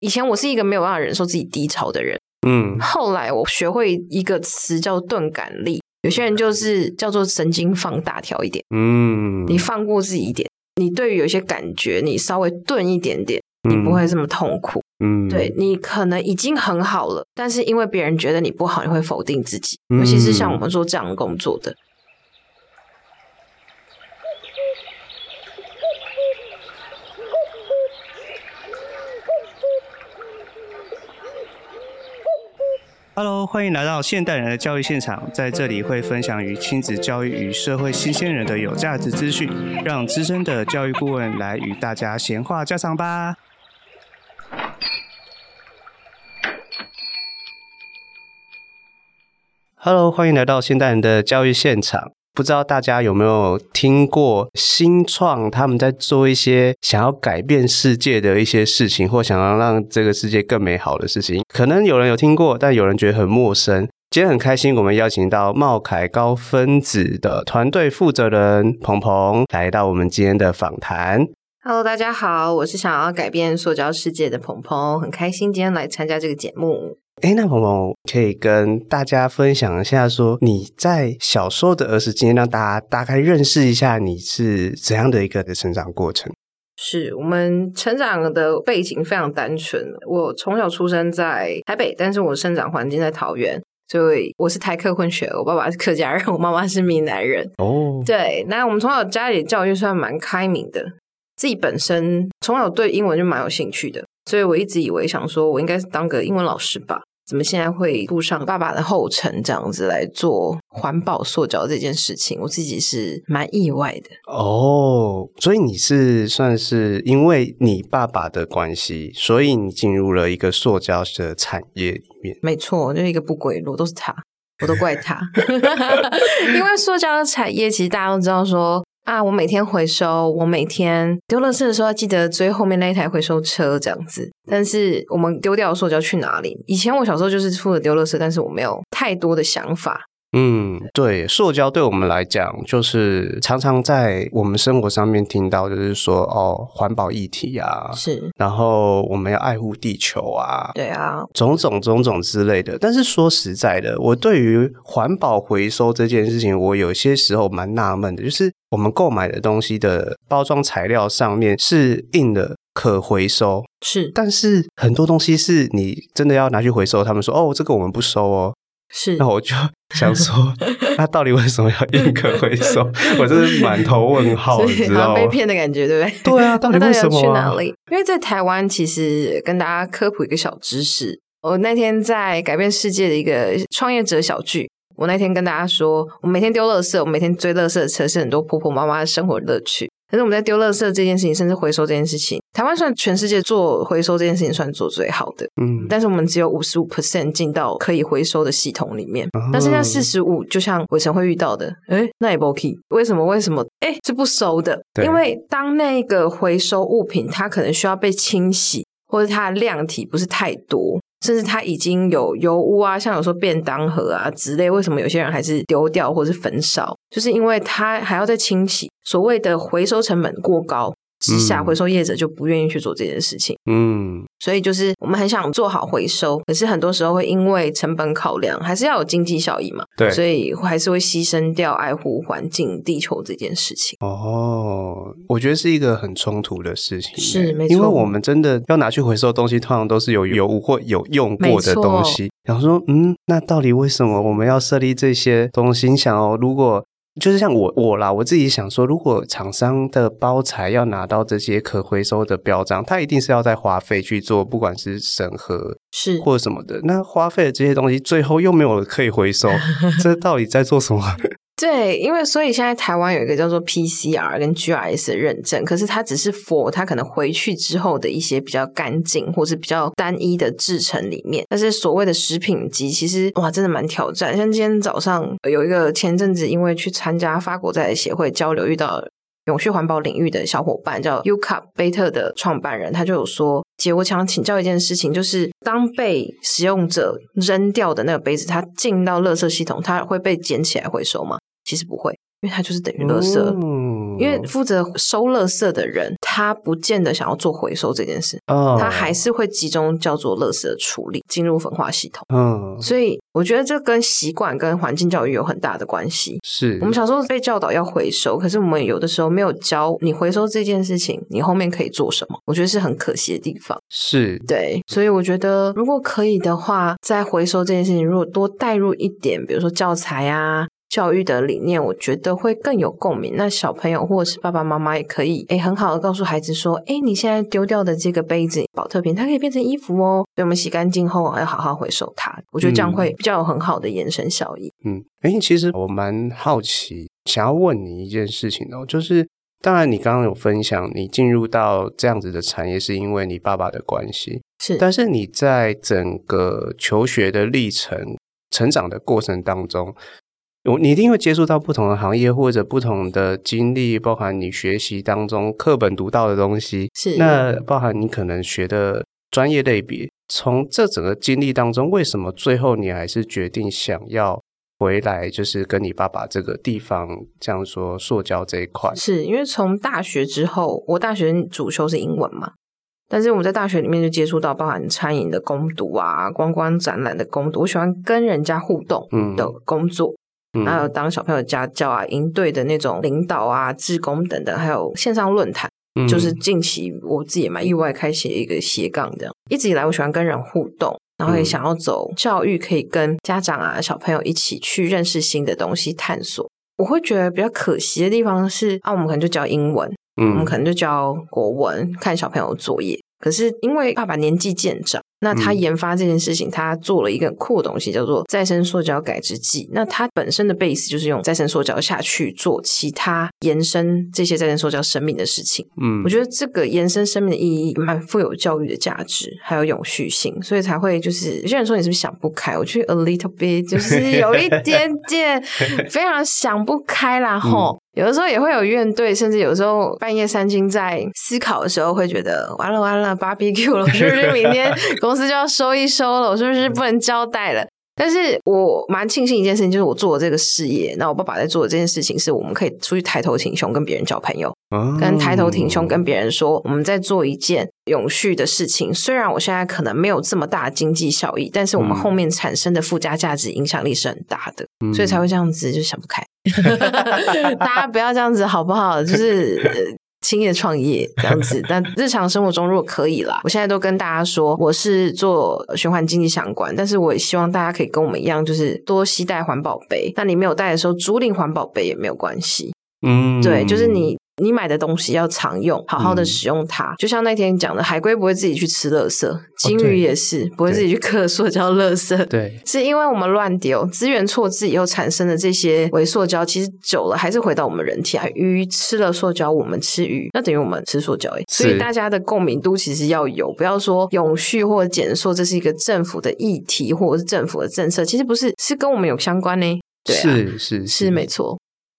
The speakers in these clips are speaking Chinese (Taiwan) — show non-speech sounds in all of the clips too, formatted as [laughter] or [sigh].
以前我是一個沒有辦法忍受自己低潮的人，嗯，後來我學會一個詞叫鈍感力，有些人就是叫做神經放大條一點，嗯，你放過自己一點，你對於有些感覺你稍微鈍一點點，你不會這麼痛苦，嗯，對，你可能已經很好了，但是因為別人覺得你不好，你會否定自己，尤其是像我們做這樣的工作的。哈嘍，歡迎來到現代人的教育現場，在這裡會分享與親子教育與社會新鮮人的有價值資訊，讓資深的教育顧問來與大家閒話家常吧。哈嘍，歡迎來到現代人的教育現場。不知道大家有沒有聽過新創，他們在做一些想要改變世界的一些事情，或想要讓這個世界更美好的事情。可能有人有聽過，但有人覺得很陌生。今天很開心，我們邀請到茂楷高分子的團隊負責人澎澎來到我們今天的訪談。Hello，大家好，我是想要改變塑膠世界的澎澎，很開心今天來參加這個節目。誒，那澎澎可以跟大家分享一下，說你在小時候的兒時經驗，讓大家大概認識一下你是怎樣的一個的成長過程。是我們成長的背景非常單純，我從小出生在台北，但是我生長環境在桃園，所以我是台客混血。我爸爸是客家人，我媽媽是閩南人。哦，對，那我們從小家裡的教育算蠻開明的，自己本身從小對英文就蠻有興趣的，所以我一直以為想說我應該是當個英文老師吧。怎麼現在會步上爸爸的後塵，這樣子來做環保塑膠這件事情，我自己是蠻意外的哦。所以你是算是因為你爸爸的關係，所以你進入了一個塑膠的產業裡面。沒錯，就是、一個不歸路，都是他，我都怪他。 [laughs] [laughs] 因為塑膠的產業，其實大家都知道說。啊！我每天回收，我每天丟垃圾的時候要記得追後面那一台回收車這樣子。但是我們丟掉的時候就要去哪裡？以前我小時候就是負責丟垃圾，但是我沒有太多的想法。嗯，對，塑膠對我們來講，就是常常在我們生活上面聽到，就是說哦，環保議題啊，是，然後我們要愛護地球啊，對啊，種種種種之類的。但是說實在的，我對於環保回收這件事情，我有些時候蠻納悶的，就是我們購買的東西的包裝材料上面是印的可回收，是，但是很多東西是你真的要拿去回收，他們說哦，這個我們不收哦。是，那我就想說，他到底為什麼要硬殼回收？ [laughs] 我真是滿頭問號，所以你知道嗎？被騙的感覺，對不對？對啊，到底為什麼、啊？去哪裡？因為在台灣，其實跟大家科普一個小知識。我那天在改變世界的一個創業者小聚，我那天跟大家說，我每天丟垃圾，我每天追垃圾的車是很多婆婆媽媽的生活樂趣。可是我們在丟垃圾這件事情，甚至回收這件事情，台灣算全世界做回收這件事情算做最好的，嗯，但是我們只有五十五 percent 進到可以回收的系統裡面，那、哦、剩下四十五，就像偉成會遇到的，哎，那也不 OK，為什麼？為什麼？哎，是不收的？因為當那個回收物品，它可能需要被清洗。或是它的量體不是太多，甚至它已經有油污啊，像有時候便當盒啊之類，為什麼有些人還是丟掉或是焚燒？就是因為它還要再清洗，所謂的回收成本過高。之下，回收業者就不願意去做這件事情。嗯，所以就是我們很想做好回收，可是很多時候會因為成本考量，還是要有經濟效益嘛。對，所以還是會犧牲掉愛護環境、地球這件事情。哦，我覺得是一個很衝突的事情。是，沒錯。因為我們真的要拿去回收的東西，通常都是有油污或有用過的東西。然後說，嗯，那到底為什麼我們要設立這些東西？你想哦，如果。就是像我我啦，我自己想說，如果廠商的包材要拿到這些可回收的標章，它一定是要在花費去做，不管是審核是或者什麼的，那花費的這些東西最後又沒有可以回收，這到底在做什麼？ [laughs] [laughs] 對，因為所以現在台灣有一個叫做 PCR 跟 GRS 的認證，可是它只是 for 它可能回去之後的一些比較乾淨或是比較單一的製程裡面。但是所謂的食品級，其實哇，真的蠻挑戰。像今天早上有一個前陣子，因為去參加法國在協會交流，遇到永續環保領域的小伙伴，叫 Ucup 貝特的創辦人，他就有說：“姐，我想要請教一件事情，就是當被使用者扔掉的那個杯子，它進到垃圾系統，它會被撿起來回收嗎？”其實不會，因為它就是等於垃圾。Oh, 因為負責收垃圾的人，他不見得想要做回收這件事，oh. 他還是會集中叫做垃圾的處理，進入焚化系統。嗯、oh.，所以我覺得這跟習慣跟環境教育有很大的關係。是。我們小時候被教導要回收，可是我們有的時候沒有教你回收這件事情，你後面可以做什麼？我覺得是很可惜的地方。是。對，所以我覺得如果可以的話，在回收這件事情，如果多帶入一點，比如說教材啊。教育的理念，我覺得會更有共鳴。那小朋友或者是爸爸媽媽也可以，誒，很好的告訴孩子說：“誒，你現在丟掉的這個杯子、保特瓶，它可以變成衣服哦，所以我們洗乾淨後要好好回收它。”我覺得這樣會比較有很好的延伸效益。嗯，嗯，誒，其實我蠻好奇，想要問你一件事情哦，就是，當然你剛剛有分享，你進入到這樣子的產業是因為你爸爸的關係，是，但是你在整個求學的歷程、成長的過程當中，你一定會接觸到不同的行業或者不同的經歷，包含你學習當中課本讀到的東西，是那包含你可能學的專業類別。從這整個經歷當中，為什麼最後你還是決定想要回來，就是跟你爸爸這個地方這樣說塑膠這一塊？是因為從大學之後，我大學主修是英文嘛，但是我在大學裡面就接觸到，包含餐飲的工讀啊、觀光、光展覽的工讀，我喜歡跟人家互動的工作。嗯嗯，還有當小朋友家教啊、營隊的那種領導啊、志工等等，還有線上論壇。嗯，就是近期我自己也蠻意外開寫一個斜槓這樣。一直以來我喜歡跟人互動，然後也想要走教育，可以跟家長啊、小朋友一起去認識新的東西、探索。我會覺得比較可惜的地方是，啊，我們可能就教英文，嗯，我們可能就教國文，看小朋友作業。可是因為爸爸年紀漸長。那他研發這件事情、嗯，他做了一個很酷的東西，叫做再生塑膠改質劑。那它本身的 base 就是用再生塑膠下去做其他延伸，這些再生塑膠生命的事情。嗯，我覺得這個延伸生命的意義蠻富有教育的價值，還有永續性，所以才會就是有些人說你是不是想不開？我去 a little bit，就是有一點點非常想不開啦、嗯、吼，有的時候也會有怨懟，甚至有時候半夜三更在思考的時候，會覺得完了完了，芭比 Q 了，是不、就是明天？ [laughs] 公司就要收一收了，我是不是不能交代了？但是我蠻慶幸一件事情，就是我做的這個事業，那我爸爸在做的這件事情，是我們可以出去抬頭挺胸跟別人交朋友、哦，跟抬頭挺胸跟別人說我們在做一件永續的事情。雖然我現在可能沒有這麼大經濟效益，但是我們後面產生的附加價值、影響力是很大的、嗯，所以才會這樣子就想不開。 [laughs] 大家不要這樣子好不好？就是。 [laughs] 興業創業這樣子，但日常生活中如果可以啦， [laughs] 我現在都跟大家說，我是做循環經濟相關，但是我也希望大家可以跟我們一樣，就是多攜帶環保杯。那你沒有帶的時候，租賃環保杯也沒有關係。嗯，對，就是你。你買的東西要常用，好好的使用它。嗯、就像那天講的，海龜不會自己去吃垃圾，okay, 金魚也是不會自己去嗑塑膠垃圾對。對，是因為我們亂丟，資源錯置以後產生的這些微塑膠，其實久了還是回到我們人體啊。魚吃了塑膠，我們吃魚，那等於我們吃塑膠，欸、所以大家的共鳴度其實要有，不要說永續或減塑，這是一個政府的議題或者是政府的政策，其實不是，是跟我們有相關呢、欸。對、啊，是是是，是是沒錯。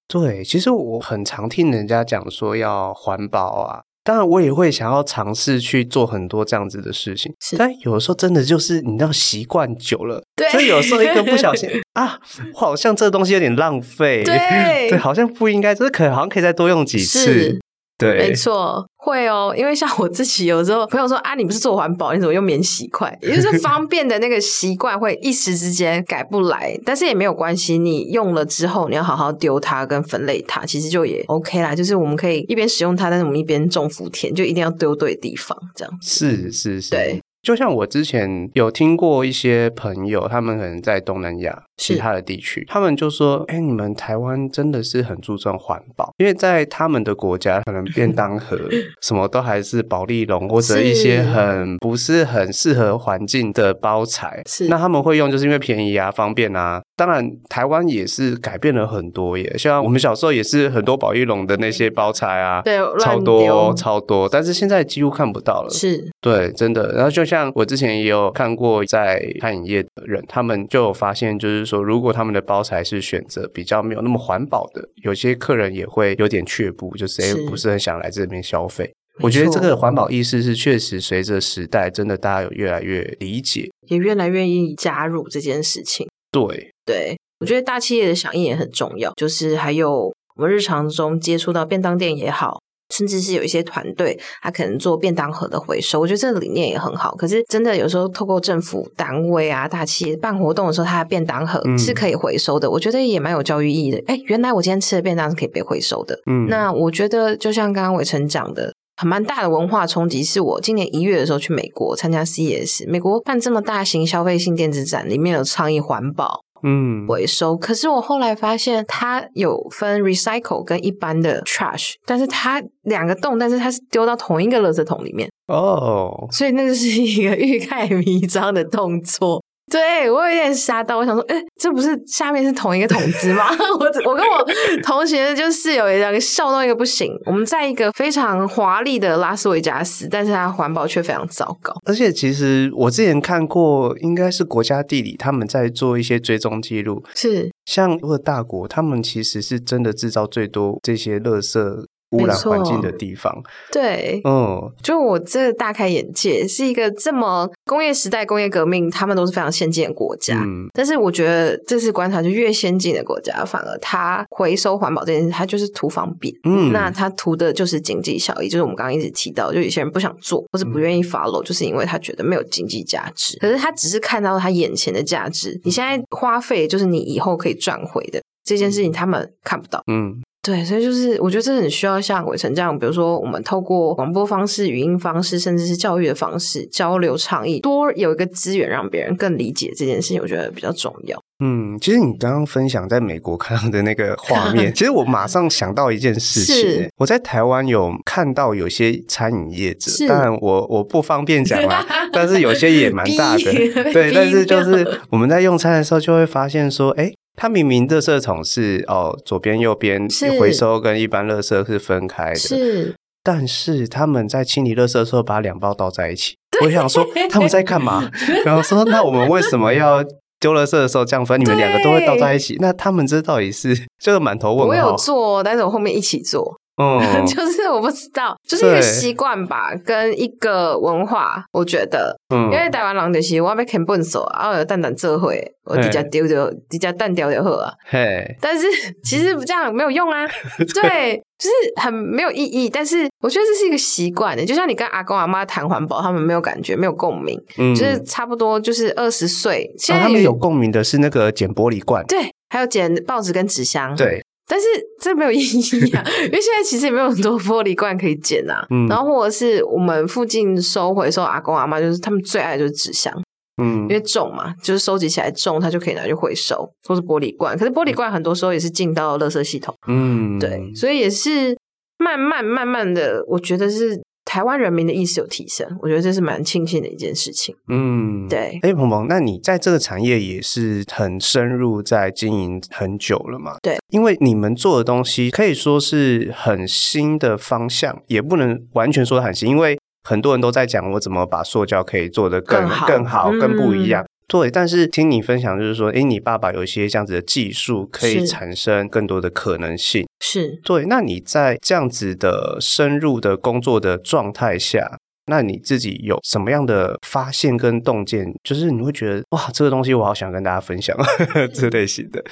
對，其實我很常聽人家講說要環保啊，當然我也會想要嘗試去做很多這樣子的事情，但有的時候真的就是你知道習慣久了，所以有的時候一個不小心 [laughs] 啊，我好像這東西有點浪費，對， [laughs] 對，好像不應該，就是可好像可以再多用幾次。對，沒錯，會哦，因為像我自己，有時候朋友說啊，你不是做環保，你怎麼用免洗筷？也就是方便的那個習慣，會一時之間改不來， [laughs] 但是也沒有關係，你用了之後，你要好好丟它跟分類它，其實就也 OK 啦。就是我們可以一邊使用它，但是我們一邊種福田，就一定要丟對地方。這樣是是是，對，就像我之前有聽過一些朋友，他們可能在東南亞。其他的地區，他們就說：“哎、欸，你們台灣真的是很注重環保，因為在他們的國家，可能便當盒 [laughs] 什麼都還是保麗龍或者一些很不是很適合環境的包材。是，那他們會用就是因為便宜啊，方便啊。當然，台灣也是改變了很多耶，像我們小時候也是很多保麗龍的那些包材啊，對，超多超多，但是現在幾乎看不到了。是，對，真的。然後就像我之前也有看過在餐飲業的人，他們就發現就是。說，如果他們的包材是選擇比較沒有那麼環保的，有些客人也會有點卻步，就是也、哎、不是很想來這邊消費。我覺得這個環保意識是確實隨着時代，真的大家有越來越理解，嗯、也越來越願意加入這件事情。對對，我覺得大企業的響應也很重要，就是還有我們日常中接觸到便當店也好。甚至是有一些團隊，他可能做便當盒的回收，我覺得這個理念也很好。可是真的有時候，透過政府單位啊、大企業辦活動的時候，它的便當盒是可以回收的、嗯，我覺得也蠻有教育意義的。哎，原來我今天吃的便當是可以被回收的。嗯，那我覺得就像剛剛偉成講的，很蠻大的文化衝擊，是我今年一月的時候去美國參加 CES，美國辦這麼大型消費性電子展，裡面有倡議環保。嗯，回收。可是我後來發現，它有分 recycle 跟一般的 trash，但是它兩個洞，但是它是丟到同一個垃圾桶裡面哦、oh，所以那就是一個欲蓋彌彰的動作。對，我有一點嚇到，我想說，誒、欸、這不是下面是同一個桶子嗎？我 [laughs] 我跟我同學就室友一個笑到一個不行。我們在一個非常華麗的拉斯維加斯，但是它環保卻非常糟糕。而且其實我之前看過，應該是國家地理他們在做一些追蹤記錄，是像如果大國，他們其實是真的製造最多這些垃圾。污染環境的地方，對，嗯，就我這個大開眼界，是一個這麼工業時代、工業革命，他們都是非常先進的國家。嗯，但是我覺得這次觀察，就越先進的國家，反而他回收環保這件事，他就是圖方便。嗯，那他圖的就是經濟效益，就是我們剛剛一直提到，就有些人不想做或是不願意 follow，嗯，就是因為他覺得沒有經濟價值。可是他只是看到他眼前的價值，嗯，你現在花費就是你以後可以賺回的這件事情，他們看不到。嗯。對，所以就是我覺得這很需要像偉成這樣，比如說我們透過廣播方式、語音方式，甚至是教育的方式交流倡議，多有一個資源讓別人更理解這件事情，我覺得比較重要。嗯，其實你剛剛分享在美國看到的那個畫面， [laughs] 其實我馬上想到一件事情。我在台灣有看到有些餐飲業者，但我我不方便講啦。 [laughs] 但是有些也蠻大的， [laughs] 對。但是就是我們在用餐的時候就會發現說，哎，他、欸、明明的垃圾桶是哦左邊右邊回收跟一般垃圾是分開的，是。但是他們在清理垃圾的時候把兩包倒在一起，我想說他們在幹嘛？ [laughs] 然後說，說那我們為什麼要？丟了垃圾的時候，這樣分，你們兩個都會倒在一起。那他們這到底是這個滿頭問號？我沒有做，但是我後面一起做。嗯， [laughs] 就是我不知道，就是一個習慣吧，跟一個文化，我覺得，嗯，因為台灣人就是我被啃笨手，然後蛋蛋這會，我比較丟丢，比較蛋掉掉喝，嘿，但是其實這樣沒有用啊、嗯對，對，就是很沒有意義，但是我覺得這是一個習慣的，就像你跟阿公阿媽談環保，他們沒有感覺，沒有共鳴，嗯，就是差不多就是二十歲，實、哦、他們有共鳴的是那個撿玻璃罐，對，還有撿報紙跟紙箱，對。但是這沒有意義啊，因為現在其實也沒有很多玻璃罐可以撿啊，嗯，然後或者是我們附近收回收的阿公阿嬤，就是他們最愛的就是紙箱，嗯，因為重嘛，就是收集起來重，他就可以拿去回收，或是玻璃罐。可是玻璃罐很多時候也是進到垃圾系統，嗯，對，所以也是慢慢慢慢的，我覺得是。台灣人民的意識有提升，我覺得這是蠻慶幸的一件事情。嗯，對。誒，澎澎，那你在這個產業也是很深入在經營很久了嘛？對，因為你們做的東西可以說是很新的方向，也不能完全說得很新，因為很多人都在講我怎麼把塑膠可以做得更更好，更好、嗯、更不一樣。對，但是聽你分享就是說，哎，你爸爸有一些這樣子的技術，可以產生更多的可能性。是對。那你在這樣子的深入的工作的狀態下，那你自己有什麼樣的發現跟洞見？就是你會覺得哇，這個東西我好想跟大家分享啊，這類型的。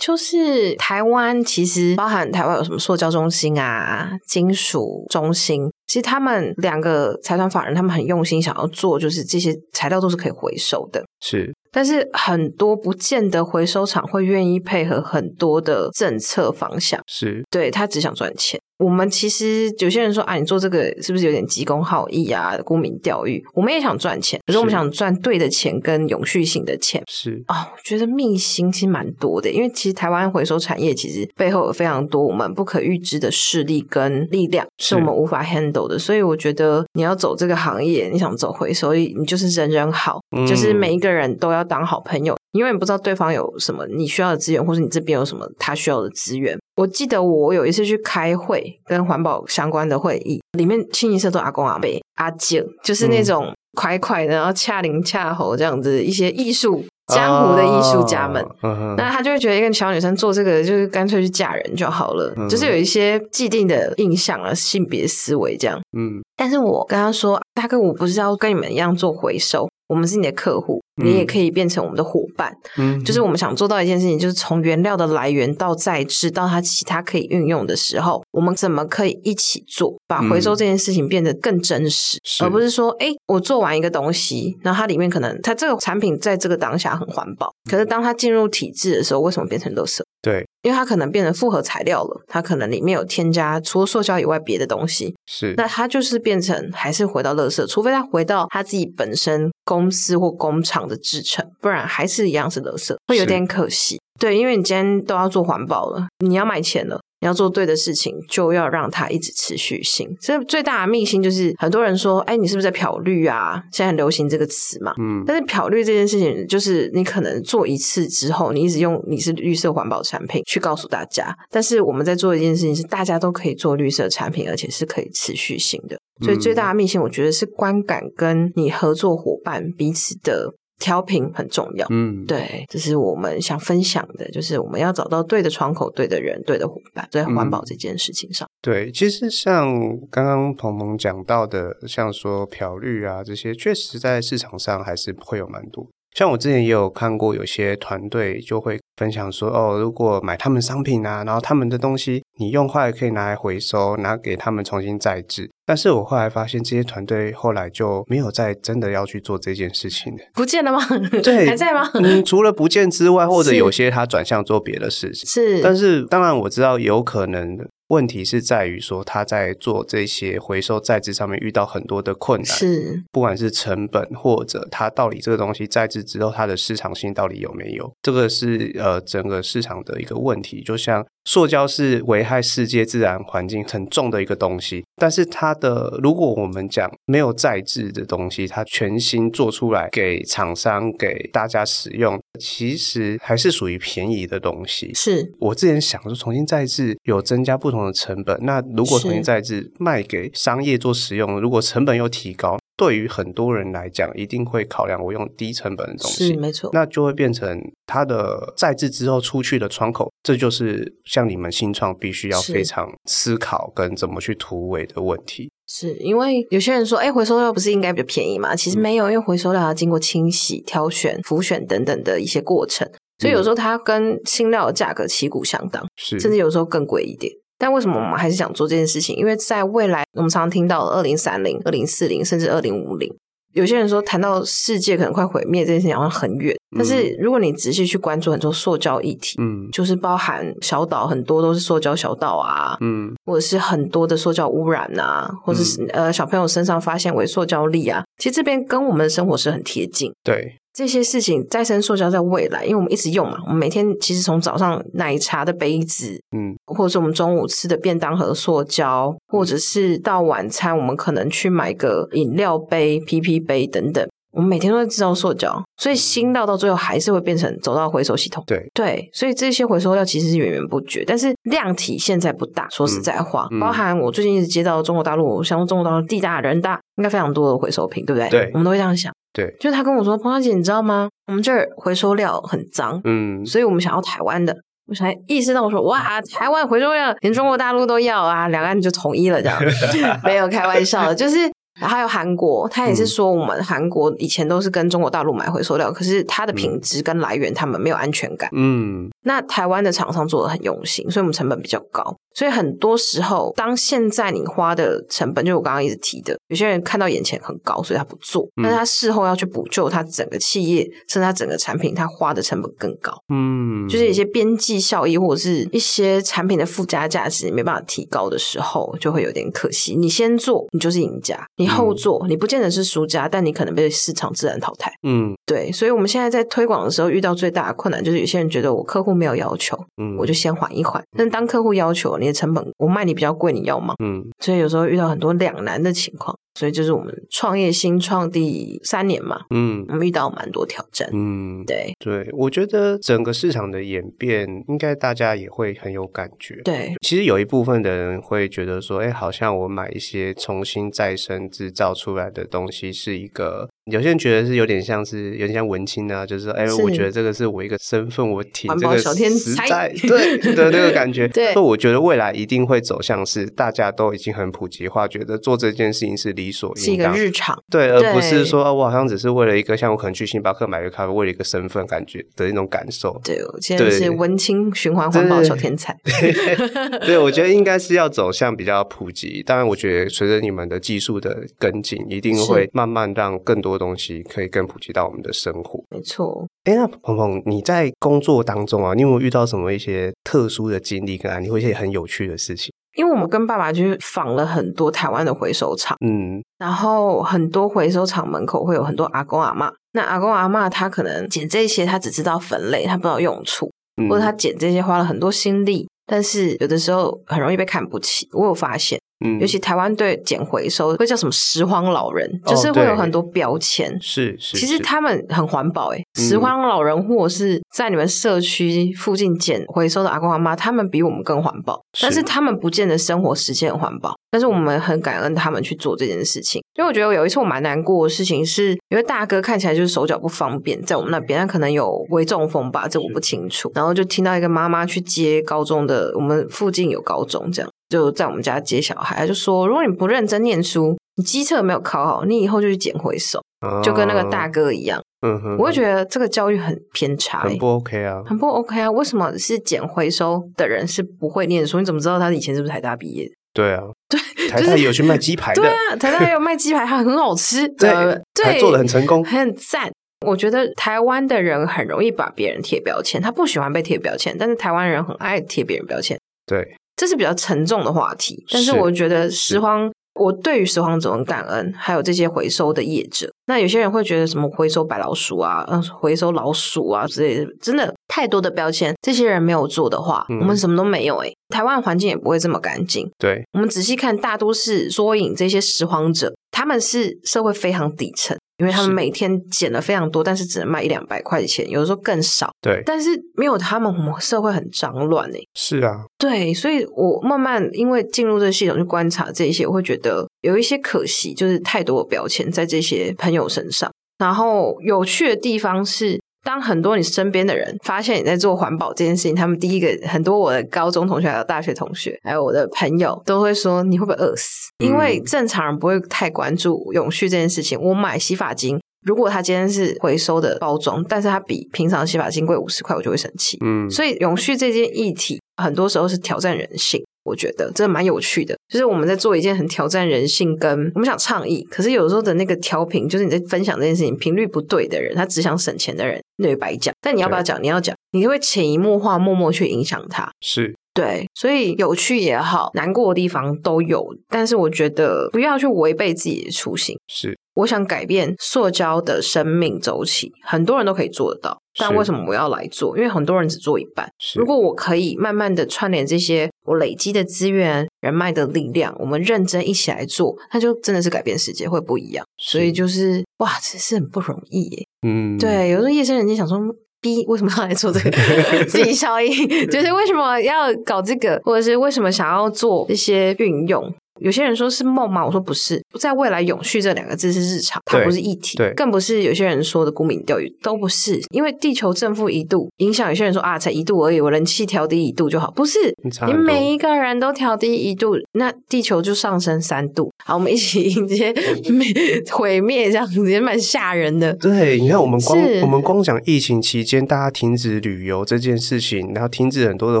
就是台灣其實包含台灣有什麼塑膠中心啊、金屬中心。其實他們兩個財團法人，他們很用心想要做，就是這些材料都是可以回收的。是，但是很多不見得回收廠會願意配合很多的政策方向。是，對，他只想賺錢。我們其實有些人說啊，你做這個是不是有點急公好義啊、沽名釣譽？我們也想賺錢，可是我們想賺對的錢跟永續性的錢。是啊、哦，我覺得祕辛其實蠻多的，因為其實台灣回收產業其實背後有非常多我們不可預知的勢力跟力量，是我們無法 handle 的。所以我覺得你要走這個行業，你想走回收，所以你就是人人好、嗯，就是每一個人都要當好朋友，因為你不知道對方有什麼你需要的資源，或者你這邊有什麼他需要的資源。我記得我有一次去開會。跟環保相關的會議裡面，清一色都阿公阿伯阿舅，就是那種快快的，然後恰齡恰猴這樣子，一些藝術江湖的藝術家們、哦嗯，那他就會覺得一個小女生做這個，就是乾脆去嫁人就好了、嗯，就是有一些既定的印象啊，性別思維這樣。嗯，但是我跟他說，大哥，我不是要跟你們一樣做回收。我們是你的客戶，你也可以變成我們的夥伴。嗯，就是我們想做到一件事情，就是從原料的來源到再制到它其他可以運用的時候，我們怎麼可以一起做，把回收這件事情變得更真實，嗯、而不是說，哎、欸，我做完一個東西，然後它裡面可能它這個產品在這個當下很環保，可是當它進入體制的時候，為什麼變成垃圾？對，因為它可能變成複合材料了，它可能裡面有添加除了塑膠以外別的東西，是，那它就是變成還是回到垃圾，除非它回到它自己本身公司或工廠的製程，不然還是一樣是垃圾，會有點可惜。對，因為你今天都要做環保了，你要賣錢了，你要做對的事情，就要讓它一直持續性。所以最大的秘訣就是，很多人說，哎，你是不是在漂綠啊？現在很流行這個詞嘛，嗯。但是漂綠這件事情，就是你可能做一次之後，你一直用你是綠色環保產品去告訴大家。但是我們在做一件事情，是大家都可以做綠色產品，而且是可以持續性的。所以最大的秘訣，我覺得是觀感跟你合作夥伴彼此的。調頻很重要，嗯，對，這是我們想分享的，就是我們要找到對的窗口，對的人、對的夥伴，在環保這件事情上。嗯、對，其實像剛剛澎澎講到的，像說漂綠啊這些，確實在市場上還是會有蠻多。像我之前也有看過，有些團隊就會分享說，哦，如果買他們商品啊，然後他們的東西你用壞了可以拿來回收，拿給他們重新再制。但是我後來發現，這些團隊後來就沒有再真的要去做這件事情了，不見了嗎？對，還在嗎？嗯，除了不見之外，或者有些他轉向做別的事情。是，是，但是當然我知道有可能的。問題是在於說，他在做這些回收再製上面遇到很多的困難，是不管是成本或者他到底這個東西再製之後它的市場性到底有沒有，這個是呃整個市場的一個問題，就像。塑膠是危害世界自然環境很重的一個東西，但是它的如果我們講沒有再制的東西，它全新做出來給廠商給大家使用，其實還是屬於便宜的東西。是。我之前想說重新再制有增加不同的成本，那如果重新再制賣給商業做使用，如果成本又提高。對於很多人來講，一定會考量我用低成本的東西，是，沒錯。那就會變成它的再制之後出去的窗口，這就是像你們新創必須要非常思考跟怎麼去突圍的問題。是，是因為有些人說，哎、欸，回收料不是應該比較便宜嗎？其實沒有，嗯、因為回收料要經過清洗、挑選、浮選等等的一些過程，所以有時候它跟新料的價格旗鼓相當，是，甚至有時候更貴一點。但為什麼我們還是想做這件事情？因為在未來，我們常常聽到二零三零、二零四零，甚至二零五零。有些人說，談到世界可能快毀滅這件事情好像很遠，但是如果你仔細去關注很多塑膠議題，嗯，就是包含小島很多都是塑膠小島啊，嗯，或者是很多的塑膠污染啊，或者是，嗯、呃小朋友身上發現微塑膠粒啊，其實這邊跟我們的生活是很貼近。對。這些事情，再生塑膠在未來，因為我們一直用嘛，我們每天其實從早上奶茶的杯子，嗯，或者是我們中午吃的便當盒塑膠、嗯、或者是到晚餐，我們可能去買個飲料杯、PP 杯等等，我們每天都在製造塑膠，所以新料到最後還是會變成走到回收系統。對對，所以這些回收料其實是源源不絕，但是量體現在不大。說實在話，嗯、包含、嗯、我最近一直接到中國大陸，像中國大陸地大人大，應該非常多的回收品，對不對？對，我們都會這樣想。對，就他跟我說，彭小姐，你知道嗎？我們這兒回收料很髒，嗯，所以我們想要台灣的。我才意識到，我說哇，台灣回收料連中國大陸都要啊，兩岸就統一了，這樣， [laughs] 沒有開玩笑的， [laughs] 就是。然後還有韓國，他也是說我們韓國以前都是跟中國大陸買回收料，嗯，可是它的品質跟來源他們沒有安全感。嗯，那台灣的廠商做得很用心，所以我們成本比較高。所以很多時候，當現在你花的成本，就我剛剛一直提的，有些人看到眼前很高，所以他不做，但是他事後要去補救，他整個企業甚至他整個產品，他花的成本更高。嗯，就是一些邊際效益或者是一些產品的附加價值沒辦法提高的時候，就會有點可惜。你先做，你就是贏家。你後做，你不見得是輸家，但你可能被市場自然淘汰。嗯，對，所以我們現在在推廣的時候遇到最大的困難就是，有些人覺得我客戶沒有要求，嗯，我就先緩一緩。但當客戶要求，你的成本我賣你比較貴，你要嗎？嗯，所以有時候遇到很多兩難的情況。所以就是我們創業新創第三年嘛，嗯，我們遇到蠻多挑戰，嗯，對，對，我覺得整個市場的演變，應該大家也會很有感覺，對，對，其實有一部分的人會覺得說，哎、欸，好像我買一些重新再生制造出來的東西，是一個。有些人覺得是有點像是有點像文青啊，就是說，哎，我覺得這個是我一個身份，我挺這個實在對的那個感覺。所以我覺得未來一定會走向是大家都已經很普及化，覺得做這件事情是理所應當是一個日常，對，而不是說我好像只是為了一個像我可能去星巴克買個咖啡為了一個身份感覺的那種感受。對,對，我現在是文青循環環保小天才 [laughs] 。 [laughs] 對，我覺得應該是要走向比較普及，當然，我覺得隨着你們的技術的跟進，一定會慢慢讓更多。多東西可以更普及到我們的生活，沒錯。哎、欸，那澎澎，你在工作當中啊，你有,沒有遇到什麼一些特殊的經歷跟案例，或一些很有趣的事情？因為我們跟爸爸去訪了很多台灣的回收廠，嗯，然後很多回收廠門口會有很多阿公阿媽，那阿公阿媽他可能撿這些，他只知道分類，他不知道用處，嗯、或者他撿這些花了很多心力，但是有的時候很容易被看不起，我有發現。嗯、尤其台灣對撿回收會叫什麼拾荒老人、哦，就是會有很多標籤。是，是。其實他們很環保、欸，誒、嗯，拾荒老人或是在你們社區附近撿回收的阿公阿媽，他們比我們更環保，但是他們不見得生活實踐很環保。但是我們很感恩他們去做這件事情，因為我覺得有一次我蠻難過的事情是，是因為大哥看起來就是手腳不方便，在我們那邊，他可能有微中風吧，這我不清楚。然後就聽到一個媽媽去接高中的，我們附近有高中這樣。就在我們家接小孩、啊，就說如果你不認真念書，你基測沒有考好，你以後就去撿回收、哦，就跟那個大哥一樣。嗯嗯，我會覺得這個教育很偏差、欸，很不 OK 啊，很不 OK 啊。為什麼是撿回收的人是不會念書？你怎麼知道他以前是不是台大畢業？對啊，對，就是、台大也有去賣雞排的，對啊，台大也有賣雞排，還 [laughs] 很好吃，對，對還做得很成功，很讚。我覺得台灣的人很容易把別人貼標籤，他不喜歡被貼標籤，但是台灣人很愛貼別人標籤。對。這是比較沉重的話題，但是我覺得拾荒，我對於拾荒者很感恩，還有這些回收的業者。那有些人會覺得什麼回收白老鼠啊，嗯，回收老鼠啊之類的，真的太多的標籤。這些人沒有做的話，我們什麼都沒有哎、欸。嗯。台灣環境也不會這麼乾淨。對，我們仔細看大都市縮影，這些拾荒者，他們是社會非常底層，因為他們每天撿了非常多，但是只能賣一兩百塊錢，有的時候更少。對，但是沒有他們，我們社會很髒亂，欸，是啊，對，所以我慢慢因為進入這個系統去觀察這一些，我會覺得有一些可惜，就是太多的標籤在這些朋友身上。然後有趣的地方是，當很多你身邊的人發現你在做環保這件事情，他們第一個很多我的高中同學還有大學同學，還有我的朋友，都會說你會不會餓死？因為正常人不會太關注永續這件事情。我買洗髮精，如果它今天是回收的包裝，但是它比平常洗髮精貴五十塊，我就會生氣。嗯，所以永續這件議題，很多時候是挑戰人性。我覺得真的蠻有趣的，就是我們在做一件很挑戰人性，跟我們想倡議，可是有時候的那個調頻，就是你在分享這件事情頻率不對的人，他只想省錢的人，等於白講。但你要不要講？你要講，你會潛移默化、默默去影響他。是。對，所以有趣也好，難過的地方都有。但是我覺得不要去違背自己的初心。是，我想改變塑膠的生命週期，很多人都可以做得到。但為什麼我要來做？因為很多人只做一半。是，如果我可以慢慢的串聯這些我累積的資源、人脈的力量，我們認真一起來做，那就真的是改變世界會不一樣。所以就是哇，真是很不容易。嗯，對，有時候夜深人靜想說。b 為什麼要來做這個？ [laughs] 自己效應就是為什麼要搞這個，或者是為什麼想要做一些運用？有些人說是夢嗎？我說不是，在未來永續這兩個字是日常，它不是議題，更不是有些人說的沽名釣譽，都不是。因為地球正負一度影響，有些人說啊，才一度而已，我人氣調低一度就好，不是，你每一個人都調低一度，那地球就上升三度。好，我們一起迎接滅毀滅，嗯、這樣子也蠻嚇人的。對，你看我們光我們光講疫情期間大家停止旅遊這件事情，然後停止很多的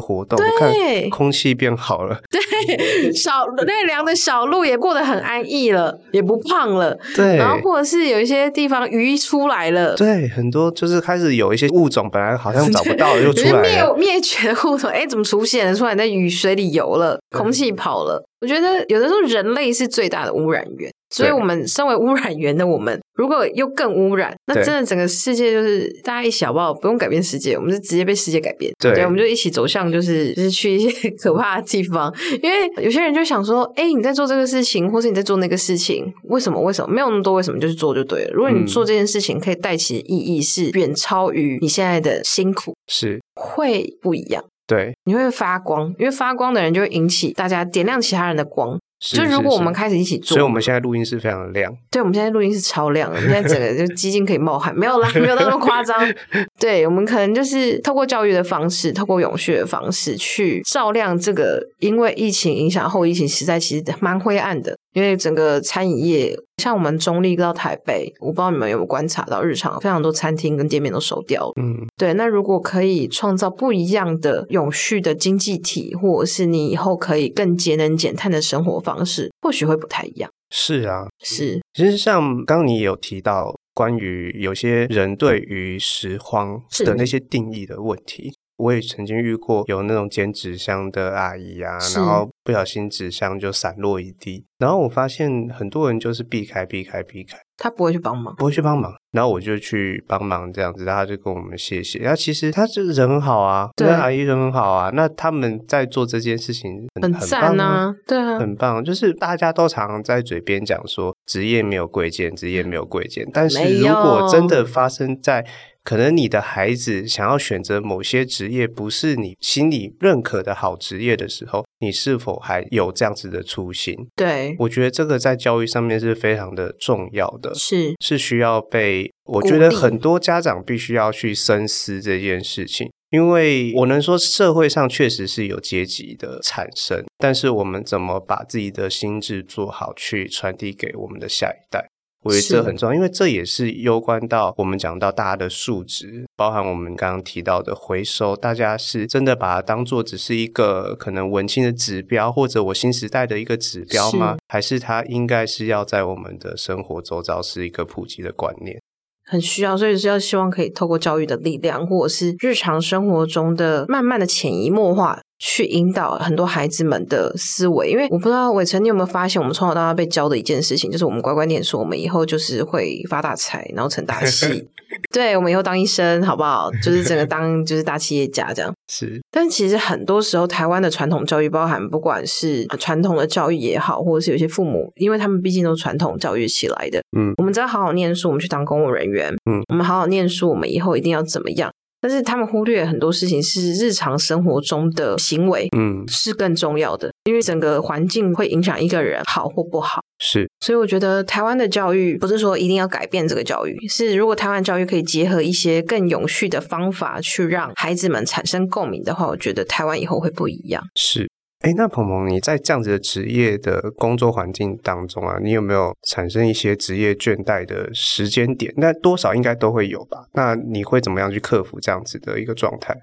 活動，對，我看空氣變好了，對，少那兩。的小鹿也過得很安逸了，也不胖了。對，然後或者是有一些地方魚出來了。對，很多就是開始有一些物種本來好像找不到的就出來了，又出來滅滅絕的物種。哎、欸，怎麼出現了？突然在雨水裡游了，空氣跑了。我覺得有的時候人類是最大的汙染源，所以我們身為汙染源的我們。如果又更污染，那真的整個世界就是大家一小包，不用改變世界，我們是直接被世界改變。對，對我們就一起走向就是就是去一些可怕的地方，因為有些人就想說，哎、欸，你在做這個事情，或是你在做那個事情，為什麼？為什麼？沒有那麼多為什麼，就去做就對了。如果你做這件事情可以帶起的意義是遠超於你現在的辛苦，是會不一樣。對，你會發光，因為發光的人就會引起大家點亮其他人的光。就如果我們開始一起做是是是，所以我們現在錄音室非常的亮。對，我們現在錄音室超亮的，我們現在整個就基金可以冒汗。沒有啦，沒有那麼誇張。 [laughs] 對，我們可能就是透過教育的方式，透過永續的方式去照亮這個，因為疫情影響後疫情實在其實蠻灰暗的。因為整個餐飲業，像我們中壢到台北，我不知道你們有沒有觀察到日常非常多餐廳跟店面都收掉了。嗯，對。那如果可以創造不一樣的永續的經濟體，或者是你以後可以更節能減碳的生活方式，或許會不太一樣。是啊，是。其實像剛剛你有提到關於有些人對於拾荒的那些定義的問題，我也曾經遇過有那種撿紙箱的阿姨啊，然後不小心紙箱就散落一地。然後我發現很多人就是避開、避開、避開，他不會去幫忙，不會去幫忙。然後我就去幫忙，這樣子，然後他就跟我們謝謝。那其實他是人很好啊，對，阿姨人很好啊。那他們在做這件事情很，很讚啊，很棒啊，對啊，很棒。就是大家都常常在嘴邊講說職業沒有貴賤，職業沒有貴賤。但是如果真的發生在可能你的孩子想要選擇某些職業不是你心裡認可的好職業的時候，你是否還有這樣子的初心？對。我覺得這個在教育上面是非常的重要的，是是需要被，我覺得很多家長必須要去深思這件事情，因為我能說社會上確實是有階級的產生，但是我們怎麼把自己的心智做好，去傳遞給我們的下一代。我覺得這很重要，因為這也是攸關到我們講到大家的素質，包含我們剛剛提到的回收，大家是真的把它當做只是一個可能文青的指標，或者我新時代的一個指標嗎？還是它應該是要在我們的生活周遭是一個普及的觀念？很需要，所以是要希望可以透過教育的力量，或者是日常生活中的慢慢的潛移默化。去引導很多孩子們的思維，因為我不知道偉成你有沒有發現，我們從小到大被教的一件事情，就是我們乖乖念書，我們以後就是會發大財，然後成大器。 [laughs] 對，我們以後當醫生，好不好？就是整個當就是大企業家這樣。 [laughs] 是。但其實很多時候，台灣的傳統教育包含不管是傳統的教育也好，或者是有些父母，因為他們畢竟都是傳統教育起來的。嗯。我們只要好好念書，我們去當公務人員。嗯。我們好好念書，我們以後一定要怎麼樣？但是他們忽略很多事情，是日常生活中的行為，嗯，是更重要的。嗯。因為整個環境會影響一個人好或不好。是，所以我覺得台灣的教育不是說一定要改變這個教育，是如果台灣教育可以結合一些更永續的方法，去讓孩子們產生共鳴的話，我覺得台灣以後會不一樣。是。哎、欸，那澎澎，你在這樣子的職業的工作環境當中啊，你有沒有產生一些職業倦怠的時間點？那多少應該都會有吧？那你會怎麼樣去克服這樣子的一個狀態？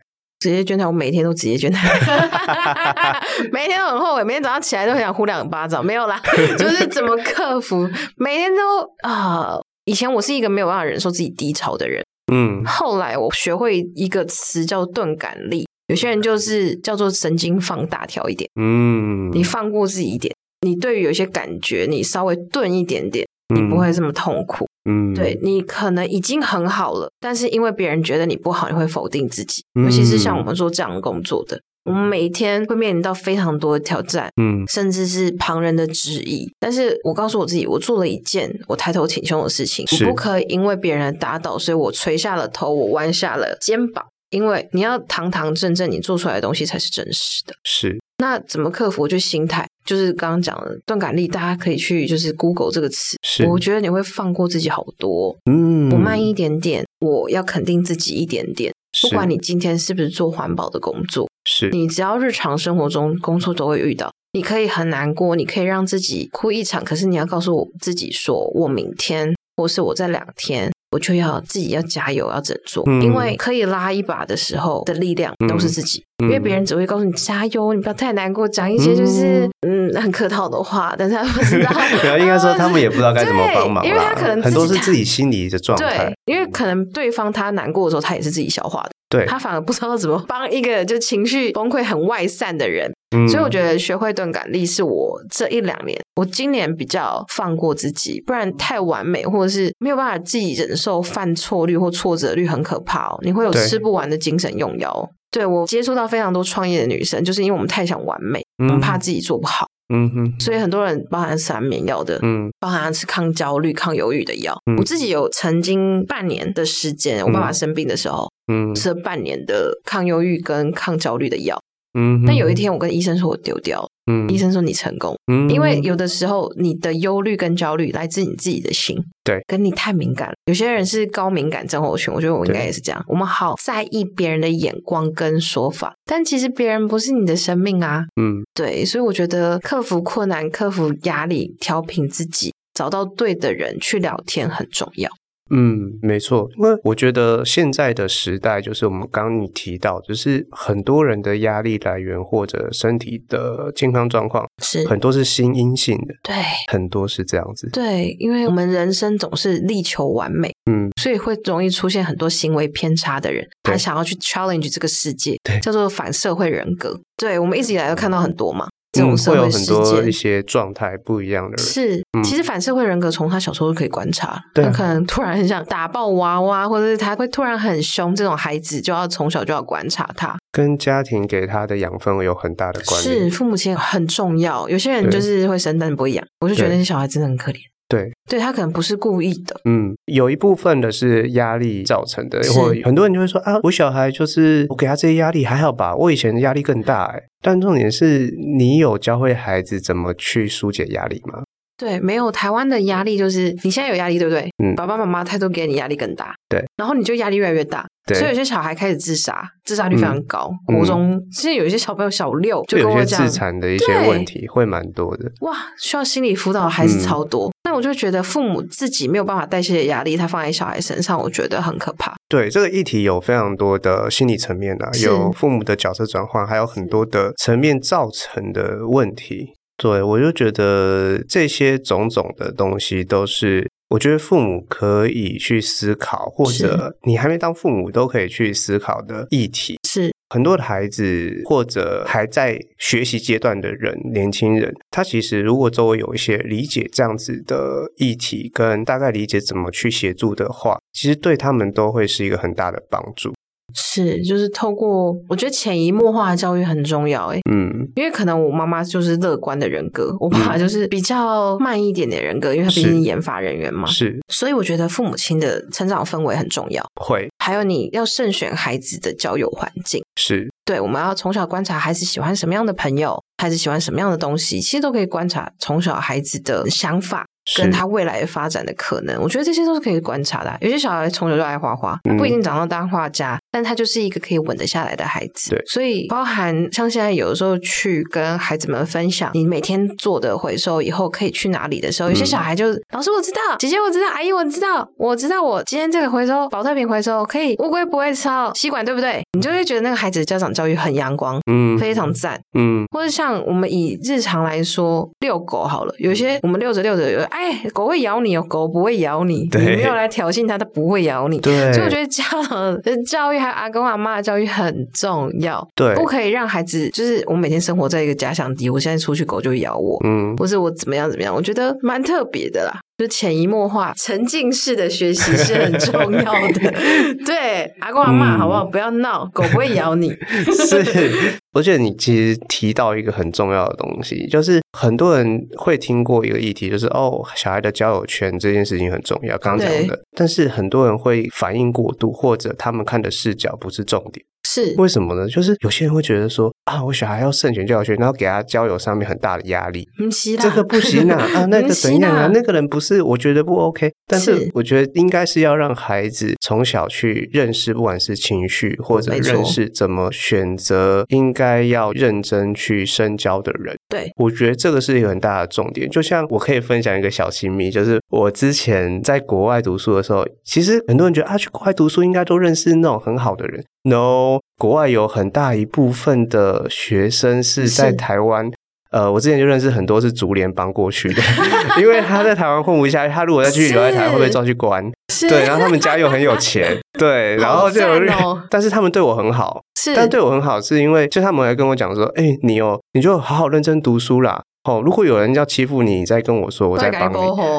職業倦怠，我每天都職業倦怠 [laughs] [laughs] 每天都很後悔，每天早上起來都很想呼兩巴掌。沒有啦，就是怎麼克服？ [laughs] 每天都啊，以前我是一個沒有辦法忍受自己低潮的人，嗯，後來我學會一個詞叫鈍感力。有些人就是叫做神經放大條一點，嗯，你放過自己一點，你對於有些感覺你稍微鈍一點點，你不會這麼痛苦，嗯，對你可能已經很好了，但是因為別人覺得你不好，你會否定自己，尤其是像我們做這樣的工作的，我們每天會面臨到非常多的挑戰，嗯，甚至是旁人的質疑，但是我告訴我自己，我做了一件我抬頭挺胸的事情，我不可以因為別人的打倒，所以我垂下了頭，我彎下了肩膀。因為你要堂堂正正，你做出來的東西才是真實的。是。那怎麼克服？我就心態，就是剛剛講的鈍感力，大家可以去就是 Google 這個詞。是。我覺得你會放過自己好多。嗯。我慢一點點，我要肯定自己一點點。是。不管你今天是不是做環保的工作，是你只要日常生活中工作都會遇到。你可以很難過，你可以讓自己哭一場，可是你要告訴我自己說，我明天或是我在兩天。我就要自己要加油，要振作，因為可以拉一把的時候的力量都是自己，嗯、因為別人只會告訴你加油，你不要太難過，講一些就是嗯，嗯很客套的話，但是不知道， [laughs] 應該說他們也不知道該怎麼幫忙，因為他可能很多是自己心理的狀態，因為可能對方他難過的時候，他也是自己消化的。對，他反而不知道怎麼幫一個就情緒崩潰很外散的人，嗯、所以我覺得學會鈍感力是我這一兩年，我今年比較放過自己，不然太完美或者是沒有辦法自己忍受犯錯率或挫折率很可怕哦，你會有吃不完的精神用藥。對，對，我接觸到非常多創業的女生，就是因為我們太想完美，我們怕自己做不好。嗯嗯哼，所以很多人包含是安眠藥的，嗯、mm -hmm.，包含吃抗焦慮、抗憂鬱的藥。Mm -hmm. 我自己有曾經半年的時間，我爸爸生病的時候，嗯、mm -hmm.，吃了半年的抗憂鬱跟抗焦慮的藥。嗯、mm -hmm.，但有一天我跟醫生說我丟掉了。醫生說你成功。嗯嗯，因為有的時候你的憂慮跟焦慮來自你自己的心，對，跟你太敏感了。有些人是高敏感症候群，我覺得我應該也是這樣。我們好在意別人的眼光跟說法，但其實別人不是你的生命啊。嗯，對，所以我覺得克服困難、克服壓力、調平自己、找到對的人去聊天很重要。嗯，沒錯，因為我覺得現在的時代，就是我們剛剛你提到，就是很多人的壓力來源或者身體的健康狀況是很多是心因性的，對，很多是這樣子，對，因為我們人生總是力求完美，嗯，所以會容易出現很多行為偏差的人，他想要去 challenge 這個世界，對，叫做反社會人格，對我們一直以來都看到很多嘛。這種生活、嗯、會有很多一些狀態不一樣的人是、嗯，其實反社會人格從他小時候就可以觀察，對啊，他可能突然很想打爆娃娃，或者是他會突然很兇，這種孩子就要從小就要觀察他，跟家庭給他的養分有很大的關係，是父母親很重要，有些人就是會生但不會養，我就覺得那些小孩子真的很可憐。對，對他可能不是故意的，嗯，有一部分的是壓力造成的，因為很多人就會說啊，我小孩就是我給他這些壓力還好吧，我以前的壓力更大誒，但重點是你有教會孩子怎麼去疏解壓力嗎？對，沒有台灣的壓力，就是你現在有壓力，對不對？嗯，爸爸媽媽態度給你壓力更大，對，然後你就壓力越來越大，對。所以有些小孩開始自殺，自殺率非常高。嗯、國中其實、嗯、有一些小朋友小六就跟我，就有一些自殘的一些問題，會蠻多的。哇，需要心理輔導還是超多、嗯。那我就覺得父母自己沒有辦法代謝的壓力，他放在小孩身上，我覺得很可怕。對這個議題有非常多的心理層面的、啊，有父母的角色轉換，還有很多的層面造成的問題。對，我就覺得這些種種的東西都是，我覺得父母可以去思考，或者你還沒當父母都可以去思考的議題。是很多的孩子或者還在學習階段的人，年輕人，他其實如果周圍有一些理解這樣子的議題，跟大概理解怎麼去協助的話，其實對他們都會是一個很大的幫助。是，就是透過，我覺得潛移默化的教育很重要，欸、嗯，因為可能我媽媽就是樂觀的人格，我爸爸就是比較慢一點的人格，嗯、因為他畢竟研發人員嘛，是，所以我覺得父母親的成長氛圍很重要，會，還有你要慎選孩子的交友環境，是。對，我們要從小觀察孩子喜歡什麼樣的朋友，孩子喜歡什麼樣的東西，其實都可以觀察從小孩子的想法跟他未來發展的可能。我覺得這些都是可以觀察的、啊。有些小孩從小就愛畫畫，他不一定長大當畫家、嗯，但他就是一個可以穩得下來的孩子。對，所以包含像現在有的時候去跟孩子們分享你每天做的回收以後可以去哪裡的時候，有些小孩就、嗯、老師我知道，姐姐我知道，阿姨我知道，我知道我今天這個回收寶特瓶回收可以，烏龜不會超吸管對不對、嗯？你就會覺得那個孩子家長。教育很陽光，嗯，非常讚，嗯，或者像我們以日常來說，遛狗好了，有些我們遛着遛着，哎，狗會咬你，狗不會咬你，你沒有來挑釁它，它不會咬你。對，所以我覺得家長的教育還有阿公阿媽的教育很重要，對，不可以讓孩子就是我每天生活在一個假想敵，我現在出去狗就會咬我，嗯，或者我怎麼樣怎麼樣，我覺得蠻特別的啦。就潛移默化、沉浸式的學習是很重要的。 [laughs] 對，阿公阿嬤，好不好？嗯、不要鬧，狗不會咬你。 [laughs] 是， [laughs] 我覺得你其實提到一個很重要的東西，就是很多人會聽過一個議題，就是哦，小孩的交友圈這件事情很重要，剛剛講的。但是很多人會反應過度，或者他們看的視角不是重點。是，為什麼呢？就是有些人會覺得說，啊，我小孩要聖賢教學，然後給他交友上面很大的壓力、嗯。這個不行啊 [laughs] 啊，那個怎樣啊、嗯？那個人不是我覺得不 OK，是，但是我覺得應該是要讓孩子從小去認識，不管是情緒或者認識怎麼選擇，應該要認真去深交的人。對，我覺得這個是一個很大的重點。就像我可以分享一個小秘密，就是我之前在國外讀書的時候，其實很多人覺得啊，去國外讀書應該都認識那種很好的人。No，國外有很大一部分的學生是在台灣，呃，我之前就認識很多是竹聯幫過去的， [laughs] 因為他在台灣混不下去，他如果再去留在台會不會抓去關？對，然後他們家又很有錢， [laughs] 對，然後就，喔、但是他們對我很好，是但對我很好是因為，就他們還跟我講說，哎、欸，你哦，你就好好認真讀書啦。哦，如果有人要欺負你，你再跟我說，我再幫你。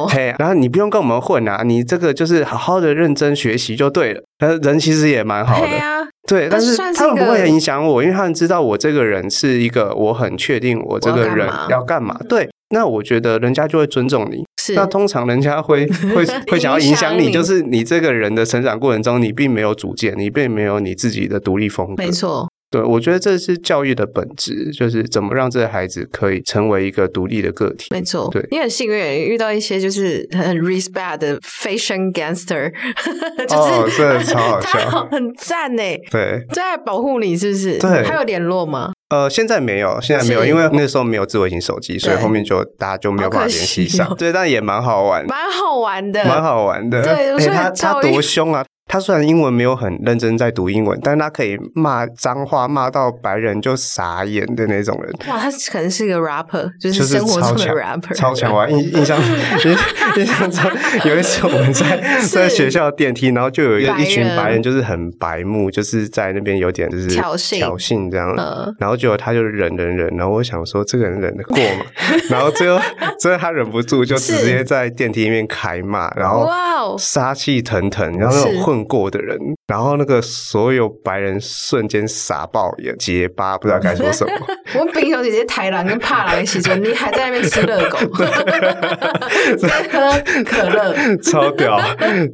嘿，hey, 然後你不用跟我們混啊，你這個就是好好的認真學習就對了。人其實也蠻好的，hey, 對，但是他們不會影響我，因為他們知道我這個人是一個，我很確定我這個人要幹，要幹嘛。對，那我覺得人家就會尊重你。是。那通常人家會會會想要影響， [laughs] 影響你，就是你這個人的成長過程中，你並沒有主見，你並沒有你自己的獨立風格。沒錯。對，我覺得這是教育的本質，就是怎麼讓這個孩子可以成為一個獨立的個體。沒錯，對你很幸運遇到一些就是很 respect 的 fashion gangster，、哦、 [laughs] 就是超好笑， [laughs] 好很讚哎，對，在保護你是不是？對，還有聯絡嗎？呃，現在沒有，現在沒有，因為那時候沒有智慧型手機，所以後面就大家就沒有辦法聯繫上。Okay, 對，但也蠻好玩，蠻好玩的，蠻好玩的。對，我覺得欸、他他多凶啊！他雖然英文沒有很認真在讀英文，但是他可以罵髒話，罵到白人就傻眼的那種人。哇，他可能是一個 rapper，就是生活中的 rapper，就是超強哇！ [laughs] 印印象， [laughs] 印象中有一次我們在在學校電梯，然後就有一個一群白人，就是很白目，就是在那邊有點就是挑釁，挑釁這樣。然後結果他就忍忍忍，然後我想說這個人忍得過嗎？ [laughs] 然後最後最後他忍不住就直接在電梯裡面開罵，然後哇，殺氣騰騰，然後那種混。過的人，然後那個所有白人瞬間傻爆眼、結巴，不知道該說什麼。 [laughs] 我冰小姐姐台南跟帕狼一起走，你還在那邊吃熱狗，在 [laughs] 喝 [laughs] 可樂，超屌。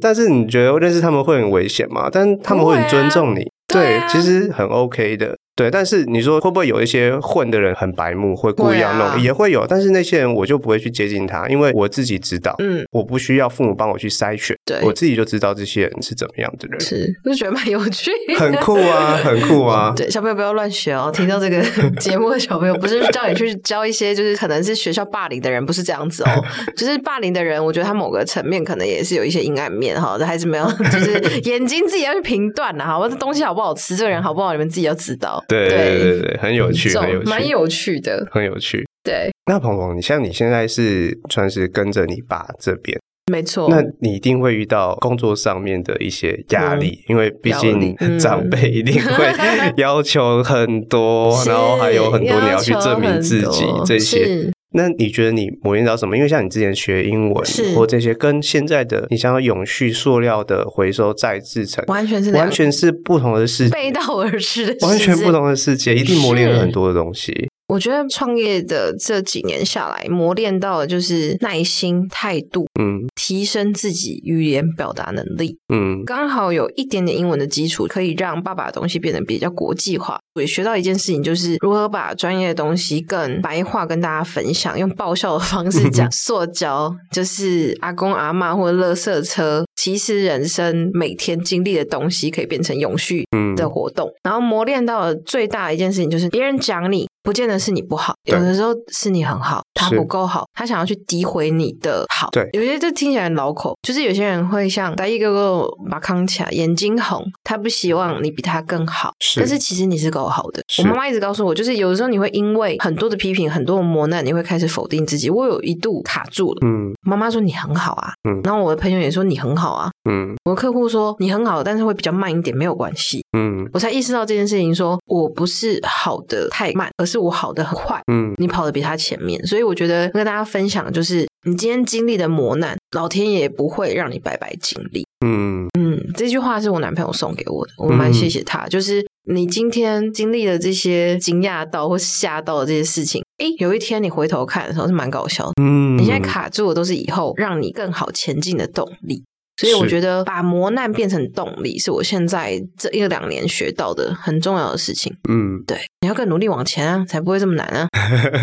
但是你覺得認識他們會很危險嗎？但他們會很尊重你，啊、對，對、啊，其實很 OK 的。對，但是你說會不會有一些混的人很白目，會故意要弄，啊，也會有。但是那些人我就不會去接近他，因為我自己知道，嗯，我不需要父母幫我去篩選，對，我自己就知道這些人是怎麼樣的人。是，我覺得蠻有趣。很酷啊，很酷啊，哦。對，小朋友不要亂學哦。聽到這個節目的小朋友，不是叫你去教一些，就是可能是學校霸凌的人，不是這樣子哦。就是霸凌的人，我覺得他某個層面可能也是有一些陰暗面哈，哦，還是沒有，就是眼睛自己要去評斷了，啊，哈。這東西好不好吃，這個人好不好，你們自己要知道。對對對對，對很有趣很，很有趣，蠻有趣的，很有趣。對，那澎澎，你像你現在是算是跟着你爸這邊，沒錯，那你一定會遇到工作上面的一些壓力，嗯、因為畢竟長輩一定會要求很多，嗯、 [laughs] 然後還有很多你要去證明自己這些。那你覺得你磨練到什麼？因為像你之前學英文是或這些，跟現在的你想要永續塑料的回收再製成，完全是完全是不同的世界，背道而馳的完全不同的世界，一定磨練了很多的東西。我覺得創業的這幾年下來，磨練到的就是耐心、態度，嗯，提升自己語言表達能力，嗯，剛好有一點點英文的基礎，可以讓爸爸的東西變得比較國際化。我也學到一件事情，就是如何把專業的東西更白話跟大家分享，用爆笑的方式講。嗯、塑膠就是阿公阿嬤或者垃圾車，其實人生每天經歷的東西可以變成永續的活動。嗯、然後磨練到的最大的一件事情，就是別人講你。不見得是你不好，有的時候是你很好，他不夠好，他想要去詆毀你的好。對，有些人聽起來很老口，就是有些人會像達亦哥哥馬康卡，眼睛紅，他不希望你比他更好，是，但是其實你是夠好的。我媽媽一直告訴我，就是有的時候你會因為很多的批評、很多的磨難，你會開始否定自己。我有一度卡住了，嗯，媽媽說你很好啊，嗯，然後我的朋友也說你很好啊，嗯，我的客戶說你很好，但是會比較慢一點，沒有關係，嗯，我才意識到這件事情說，說我不是好的太慢，而是。我跑得很快，嗯，你跑得比他前面，所以我覺得跟大家分享的，就是你今天經歷的磨難，老天也不會讓你白白經歷，嗯嗯，這句話是我男朋友送給我的，我蠻謝謝他，嗯。就是你今天經歷的這些驚訝到或是嚇到的這些事情，誒，有一天你回頭看的時候是蠻搞笑的，嗯，你現在卡住的都是以後讓你更好前進的動力。所以我覺得把磨難變成動力，是我現在這一兩年學到的很重要的事情。嗯，對，你要更努力往前啊，才不會這麼難啊，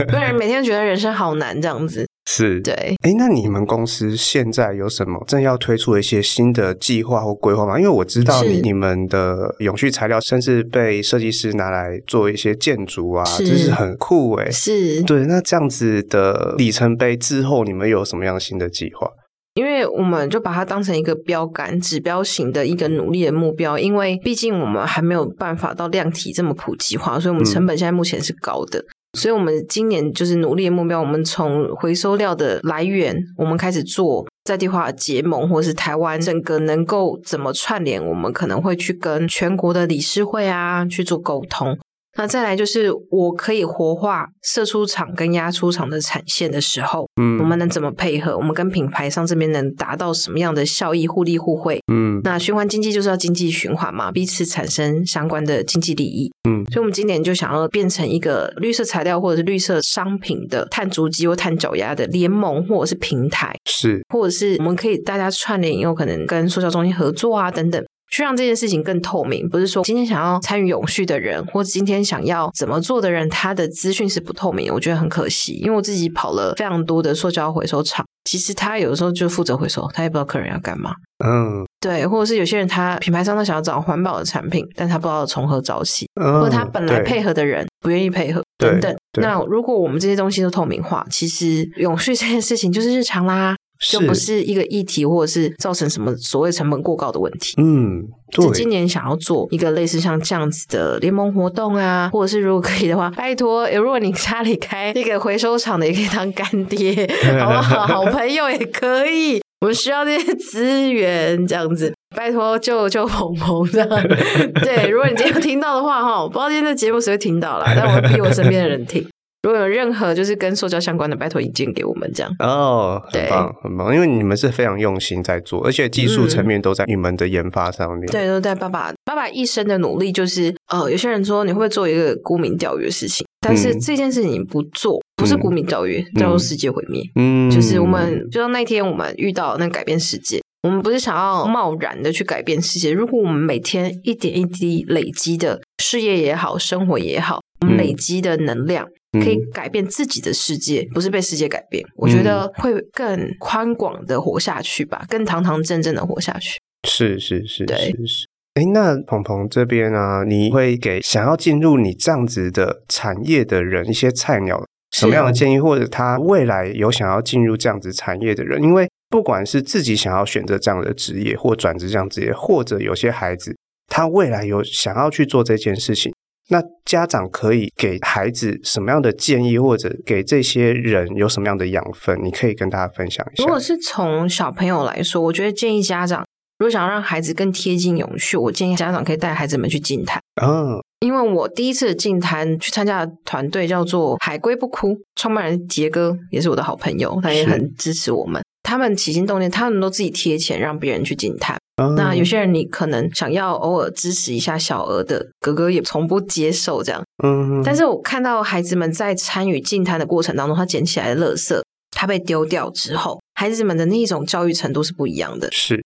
不 [laughs] 然每天覺得人生好難這樣子。是，對。哎，那你們公司現在有什麼正要推出的一些新的計劃或規劃嗎？因為我知道你你們的永續材料甚至被設計師拿來做一些建築啊，就是，是很酷誒、欸。是對，那這樣子的里程碑之後，你們有什麼樣新的計劃？因為我們就把它當成一個標杆、指標型的一個努力的目標，因為畢竟我們還沒有辦法到量體這麼普及化，所以我們成本現在目前是高的。所以，我們今年就是努力的目標，我們從回收料的來源，我們開始做在地化的結盟，或是台灣整個能夠怎麼串聯，我們可能會去跟全國的理事會啊去做溝通。那再來就是，我可以活化射出廠跟壓出廠的產線的時候，嗯，我們能怎麼配合？我們跟品牌商這邊能達到什麼樣的效益？互利互惠，嗯，那循環經濟就是要經濟循環嘛，彼此產生相關的經濟利益，嗯，所以我們今年就想要變成一個綠色材料，或者是綠色商品的碳足跡或碳腳丫的聯盟，或者是平台，是，或者是我們可以大家串聯以後，可能跟塑膠中心合作啊，等等。去讓這件事情更透明，不是說今天想要參與永續的人，或今天想要怎麼做的人，他的資訊是不透明，我覺得很可惜。因為我自己跑了非常多的塑膠回收廠，其實他有的時候就負責回收，他也不知道客人要幹嘛。嗯，對，或者是有些人他品牌商他想要找環保的產品，但他不知道從何找起，嗯，或者他本來配合的人不願意配合等等。那如果我們這些東西都透明化，其實永續這件事情就是日常啦。就不是一個議題，或者是造成什麼所謂成本過高的問題。嗯，就今年想要做一個類似像這樣子的聯盟活動啊，或者是如果可以的話，拜托、呃，如果你家裡開那個回收廠的，也可以當乾爹，好不好？好朋友也可以，我們需要這些資源，這樣子，拜托，救救澎澎這樣。 [laughs] 對，如果你今天聽到的話哈，我不知道今天的節目誰會聽到啦，但我逼我身邊的人聽。如果有任何就是跟塑膠相關的，拜託引薦給我們這樣哦，很棒，很棒，因為你們是非常用心在做，而且技術層面都在你們的研發上面，嗯、對，都在。爸爸，爸爸一生的努力就是，呃，有些人說你會不會做一個沽名釣譽的事情，但是這件事情你不做，嗯、不是沽名釣譽、嗯，叫做世界毀滅。嗯，就是我們就像那天我們遇到那改變世界、嗯，我們不是想要貿然的去改變世界，如果我們每天一點一滴累積的事業也好，生活也好，我們累、嗯、積的能量。可以改變自己的世界，不是被世界改變。嗯、我覺得會更寬廣的活下去吧，更堂堂正正的活下去。是是是，是對，對是，是，是。哎、欸，那澎澎這邊啊，你會給想要進入你這樣子的產業的人一些菜鳥什麼樣的建議、啊，或者他未來有想要進入這樣子產業的人，因為不管是自己想要選擇這樣的職業，或轉職這樣職業，或者有些孩子他未來有想要去做這件事情。那家長可以給孩子什麼樣的建議，或者給這些人有什麼樣的養分？你可以跟大家分享一下。如果是從小朋友來說，我覺得建議家長如果想要讓孩子更貼近永續，我建議家長可以帶孩子們去淨灘。嗯、哦。因為我第一次淨灘去參加的團隊叫做“海龜不哭”，創辦人杰哥也是我的好朋友，他也很支持我們。他們起心動念，他們都自己貼錢讓別人去淨灘。嗯。那有些人你可能想要偶爾支持一下小額的，哥哥也從不接受這樣。嗯，但是我看到孩子們在參與淨灘的過程當中，他撿起來的垃圾，他被丟掉之後，孩子們的那種教育程度是不一樣的。是。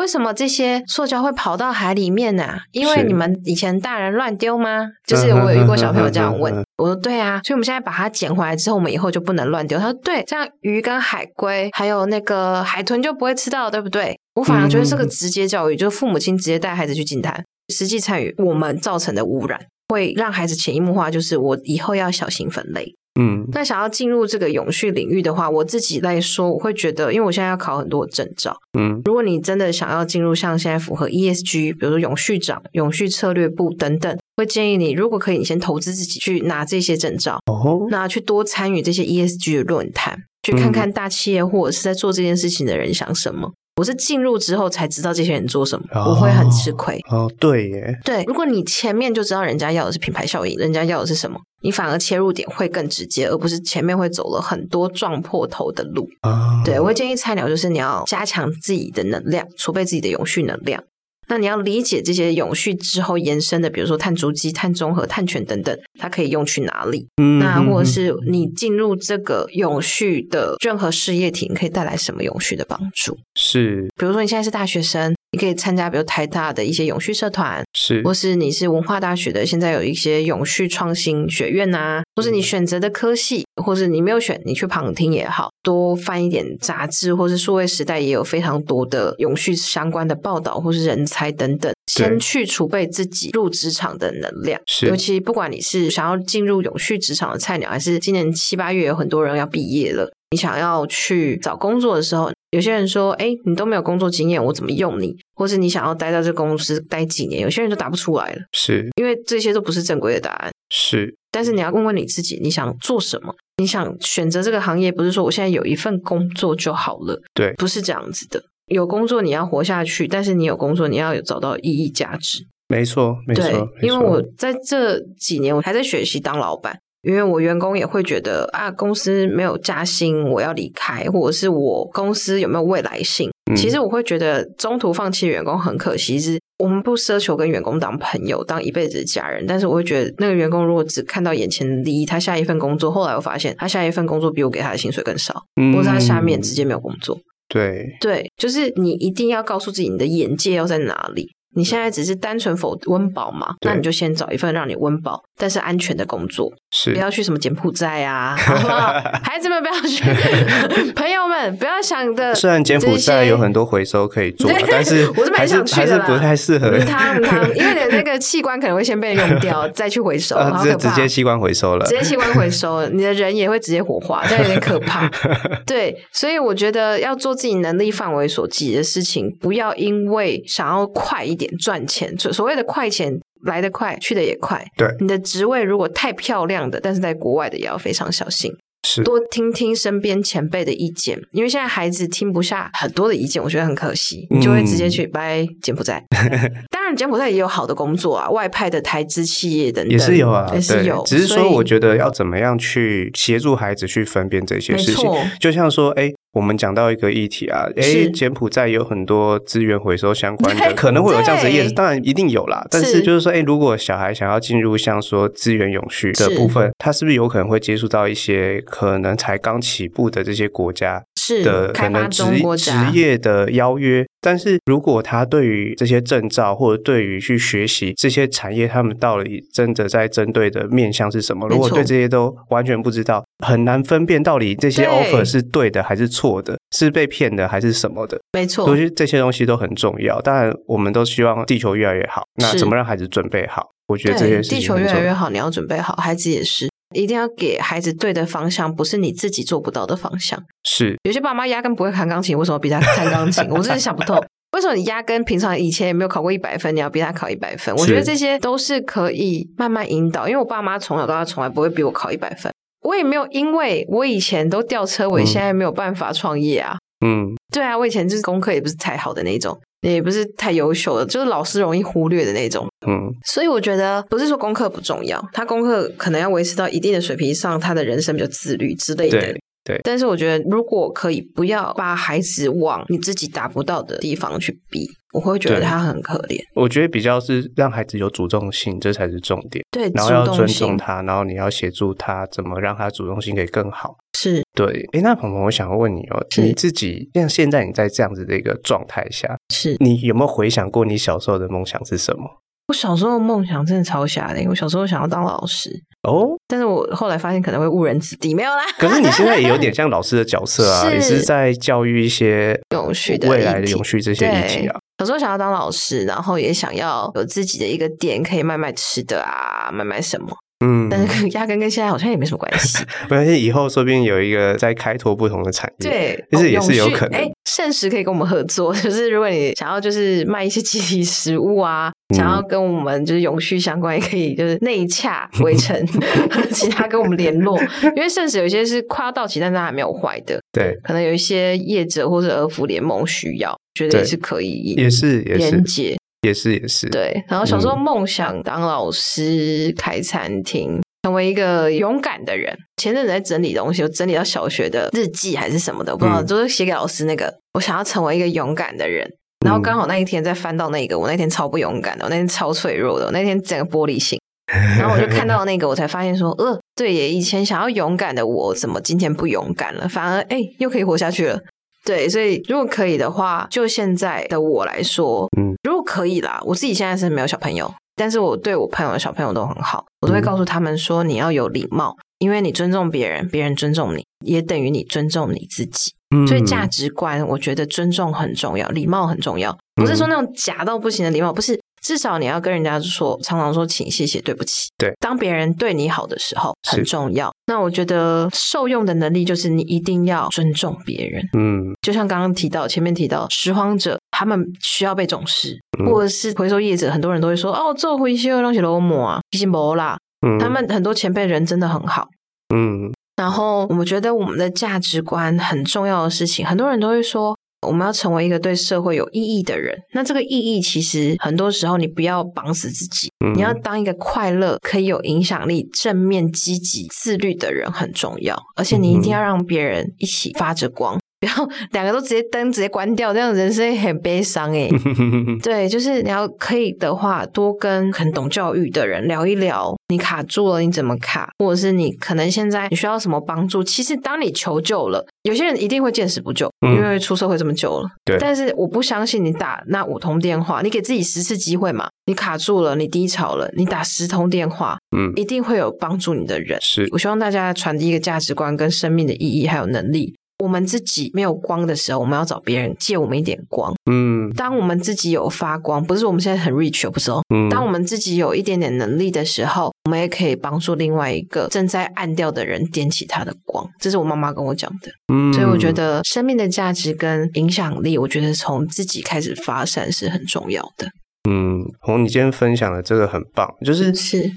為什麼這些塑膠會跑到海裡面呢、啊？因為你們以前大人亂丟嗎？是，就是我有一個小朋友這樣問， [laughs] 我說對啊，所以我們現在把它撿回來之後，我們以後就不能亂丟。他說對，這樣魚跟海龜還有那個海豚就不會吃到，對不對？我反而覺得是個直接教育，嗯、就是父母親直接帶孩子去淨灘，實際參與我們造成的污染，會讓孩子潛移默化，就是我以後要小心分類。嗯，那想要進入這個永續領域的話，我自己來說，我會覺得，因為我現在要考很多證照。嗯，如果你真的想要進入像現在符合 ESG，比如說永續長、永續策略部等等，會建議你，如果可以，你先投資自己去拿這些證照。哦，那去多參與這些 ESG 的論壇，去看看大企業或者是在做這件事情的人想什麼。我是進入之後才知道這些人做什麼，哦、我會很吃虧。哦，對耶，對，如果你前面就知道人家要的是品牌效應，人家要的是什麼，你反而切入點會更直接，而不是前面會走了很多撞破頭的路。哦、對，我會建議菜鳥，就是你要加強自己的能量，儲備自己的永續能量。那你要理解這些永續之後延伸的，比如說碳足跡、碳中和、碳權等等，它可以用去哪裡？嗯、那或者是你進入這個永續的任何事業體，你可以帶來什麼永續的幫助？是，比如說你現在是大學生，你可以參加比如台大的一些永續社團，是；或是你是文化大學的，現在有一些永續創新學院啊，或是你選擇的科系。嗯或是你沒有選，你去旁聽也好，多翻一點雜誌，或是數位時代也有非常多的永續相關的報道，或是人才等等，先去儲備自己入職場的能量。是，尤其不管你是想要進入永續職場的菜鳥，還是今年七八月有很多人要畢業了，你想要去找工作的時候，有些人說：“哎、欸，你都沒有工作經驗，我怎麼用你？”或是你想要待到這公司待幾年，有些人就答不出來了。是，因為這些都不是正規的答案。是，但是你要問問你自己，你想做什麼？你想選擇這個行業，不是說我現在有一份工作就好了，對，不是這樣子的。有工作你要活下去，但是你有工作，你要有找到意義價值。沒錯，沒錯，對，因為我在這幾年我還在學習當老板，因為我員工也會覺得啊，公司沒有加薪，我要離開，或者是我公司有沒有未來性。其實我會覺得中途放棄員工很可惜，是我們不奢求跟員工當朋友，當一輩子的家人，但是我會覺得那個員工如果只看到眼前的利益，他下一份工作，後來我發現他下一份工作比我給他的薪水更少，或者他下面直接沒有工作。對對，就是你一定要告訴自己，你的眼界要在哪裡。你現在只是單純否溫飽嘛？那你就先找一份讓你溫飽，但是安全的工作，是。不要去什麼柬埔寨啊！ [laughs] 好不好？孩子們不要去， [laughs] 朋友們不要想的，雖然柬埔寨有很多回收可以做，但是，是我是想去的還是不太適合。燙、嗯嗯，因為你的那個器官可能會先被用掉， [laughs] 再去回收，好、啊、直，直接器官回收了，直接器官回收，你的人也會直接火化，這樣有點可怕。 [laughs] 對，所以我覺得要做自己能力範圍所及的事情，不要因為想要快一點。賺錢所所謂的快錢來得快，去得也快。對，你的職位如果太漂亮的，但是在國外的也要非常小心，是，多聽聽身邊前輩的意見，因為現在孩子聽不下很多的意見，我覺得很可惜，你就會直接去拜、嗯、柬埔寨。 [laughs] 柬埔寨也有好的工作啊，外派的台資企業等等也是有啊，也是有。只是說，我覺得要怎麼樣去協助孩子去分辨這些事情。就像說，哎、欸，我們講到一個議題啊，哎、欸，柬埔寨有很多資源回收相關的，可能會有這樣子的業子，當然一定有啦。是但是就是說，哎、欸，如果小孩想要進入像說資源永續的部分，他是不是有可能會接觸到一些可能才剛起步的這些國家？是開發中國家的，可能職職業的邀約，但是如果他對於這些證照，或者對於去學習這些產業，他們到底真的在針對的面向是什麼？如果對這些都完全不知道，很難分辨到底這些 offer 對是對的還是錯的，是被騙的還是什麼的。沒錯，所以這些東西都很重要。當然，我們都希望地球越來越好。那怎麼讓孩子準備好？我覺得這件事情。地球越來越好，你要準備好，孩子也是。一定要給孩子對的方向，不是你自己做不到的方向。是有些爸媽壓根不會彈鋼琴，為什麼逼他彈鋼琴？ [laughs] 我真是想不通。為什麼你壓根平常以前也沒有考過一百分，你要逼他考一百分？我覺得這些都是可以慢慢引導。因為我爸媽從小到大從來不會逼我考一百分，我也沒有，因為我以前都吊車尾，現在沒有辦法創業啊。嗯，對啊，我以前就是功課也不是太好的那種。也不是太優秀的，就是老師容易忽略的那種。嗯，所以我覺得不是說功課不重要，他功課可能要維持到一定的水平上，他的人生比較自律之類的。對，對，但是我覺得如果可以，不要把孩子往你自己達不到的地方去逼。我會覺得他很可憐。我覺得比較是讓孩子有主動性，這才是重點。對，主動性，然後要尊重他，然後你要協助他，怎麼讓他主動性可以更好。是，對。誒，那澎澎，我想問你哦，你自己像現在你在這樣子的一個狀態下，是你有沒有回想過你小時候的夢想是什麼？我小時候的夢想真的超狹隘，我小時候想要當老師。哦，但是我後來發現可能會誤人子弟，沒有啦。 [laughs] 可是你現在也有點像老師的角色啊，是也是在教育一些未來的永續這些續議題啊。小時候想要當老師，然後也想要有自己的一個店，可以賣賣吃的啊，賣賣什麼。嗯，但是壓根跟現在好像也沒什麼關係 [laughs] 。沒關係，以後說不定有一個在開拓不同的產業，對，其實也是有可能。哎、哦，剩食、欸、可以跟我們合作，就是如果你想要就是賣一些即期食物啊、嗯，想要跟我們就是永續相關，也可以就是內洽圍城 [laughs] 其他跟我們聯絡。 [laughs] 因為剩食有些是快到期，但是它還沒有壞的，對，可能有一些業者或者兒福聯盟需要，覺得也是可以連結，也是也是。也是也是，對。然後小時候夢想當老師、開餐廳，嗯、成為一個勇敢的人。前陣子在整理東西，我整理到小學的日記還是什麼的，我不知道，嗯、就是寫給老師那個。我想要成為一個勇敢的人，然後剛好那一天再翻到，那個，我那天超不勇敢的，我那天超脆弱的，我那天整個玻璃心。然後我就看到那個， [laughs] 我才發現說，呃，對，耶，以前想要勇敢的我，怎麼今天不勇敢了？反而，哎、欸，又可以活下去了。對，所以如果可以的話，就現在的我來說，嗯，如果可以啦，我自己現在是沒有小朋友，但是我對我朋友的小朋友都很好，我都會告訴他們說，你要有禮貌，因為你尊重別人，別人尊重你，也等於你尊重你自己。所以價值觀，我覺得尊重很重要，禮貌很重要，不是說那種假到不行的禮貌，不是。至少你要跟人家說，常常說請、謝謝、對不起。對，當別人對你好的時候很重要。那我覺得受用的能力就是你一定要尊重別人。嗯，就像剛剛提到，前面提到拾荒者，他們需要被重視。嗯、或者是回收業者，很多人都會說哦，做回收那些老母啊，畢竟摩啦。嗯，他們很多前輩人真的很好。嗯，然後我覺得我們的價值觀很重要的事情，很多人都會說。我們要成為一個對社會有意義的人，那這個意義其實很多時候你不要綁死自己，你要當一個快樂、可以有影響力、正面積極、自律的人很重要，而且你一定要讓別人一起發着光。然後兩個都直接燈，直接關掉，這樣人生很悲傷誒。 [laughs] 對，就是你要可以的話，多跟很懂教育的人聊一聊。你卡住了，你怎麼卡？或者是你可能現在你需要什麼幫助？其實當你求救了，有些人一定會見死不救，嗯，因為出社會這麼久了。對。但是我不相信你打那五通電話，你給自己十次機會嘛？你卡住了，你低潮了，你打十通電話，嗯，一定會有幫助你的人。是，我希望大家傳遞一個價值觀、跟生命的意義，還有能力。我們自己沒有光的時候，我們要找別人借我們一點光。嗯，當我們自己有發光，不是我們現在很 rich，不是哦。嗯，當我們自己有一點點能力的時候，我們也可以幫助另外一個正在暗掉的人點起他的光。這是我媽媽跟我講的。嗯，所以我覺得生命的價值跟影響力，我覺得從自己開始發散是很重要的。嗯，澎澎，你今天分享的真的很棒，就是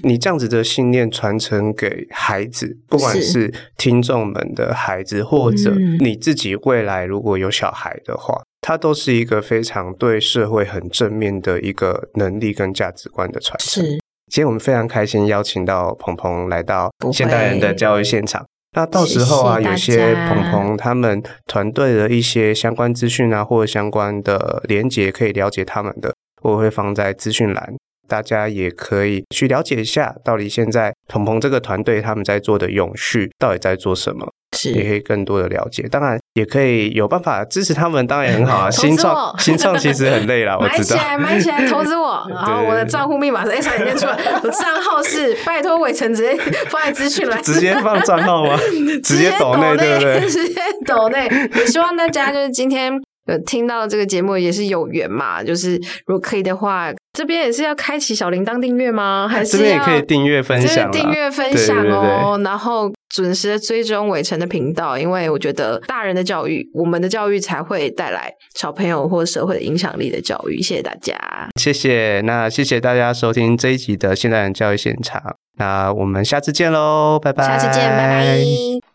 你這樣子的信念傳承給孩子，不管是聽眾們的孩子，或者你自己未來如果有小孩的話，他都是一個非常對社會很正面的一個能力跟價值觀的傳承。是，今天我們非常開心邀請到澎澎來到現代人的教育現場，那到時候啊，謝謝有些澎澎他們團隊的一些相關資訊啊，或者相關的連結，可以了解他們的。我會放在資訊欄，大家也可以去了解一下，到底現在澎澎這個團隊他們在做的永續到底在做什麼，是也可以更多的了解。當然，也可以有辦法支持他們，當然也很好啊。新創，新創其實很累啦， [laughs] 我知道。買起來，買起來，投資我。好， [laughs] 我的賬戶密碼是 S 三零我賬號是，拜託偉成直接放在資訊欄， [laughs] 直接放賬號嗎？直接抖內對不對？抖內。也希望大家就是今天。聽到這個節目也是有緣嘛，就是如果可以的話，這邊也是要開啟小鈴鐺訂閱嗎？還是、啊、這邊也可以訂閱分享？這邊訂閱分享哦，對對對對，然後準時的追蹤偉成的頻道，因為我覺得大人的教育，我們的教育才會帶來小朋友或社會的影響力的教育。謝謝大家，謝謝。那謝謝大家收聽這一集的現代人教育現場，那我們下次見嘍，拜拜，下次見，拜拜。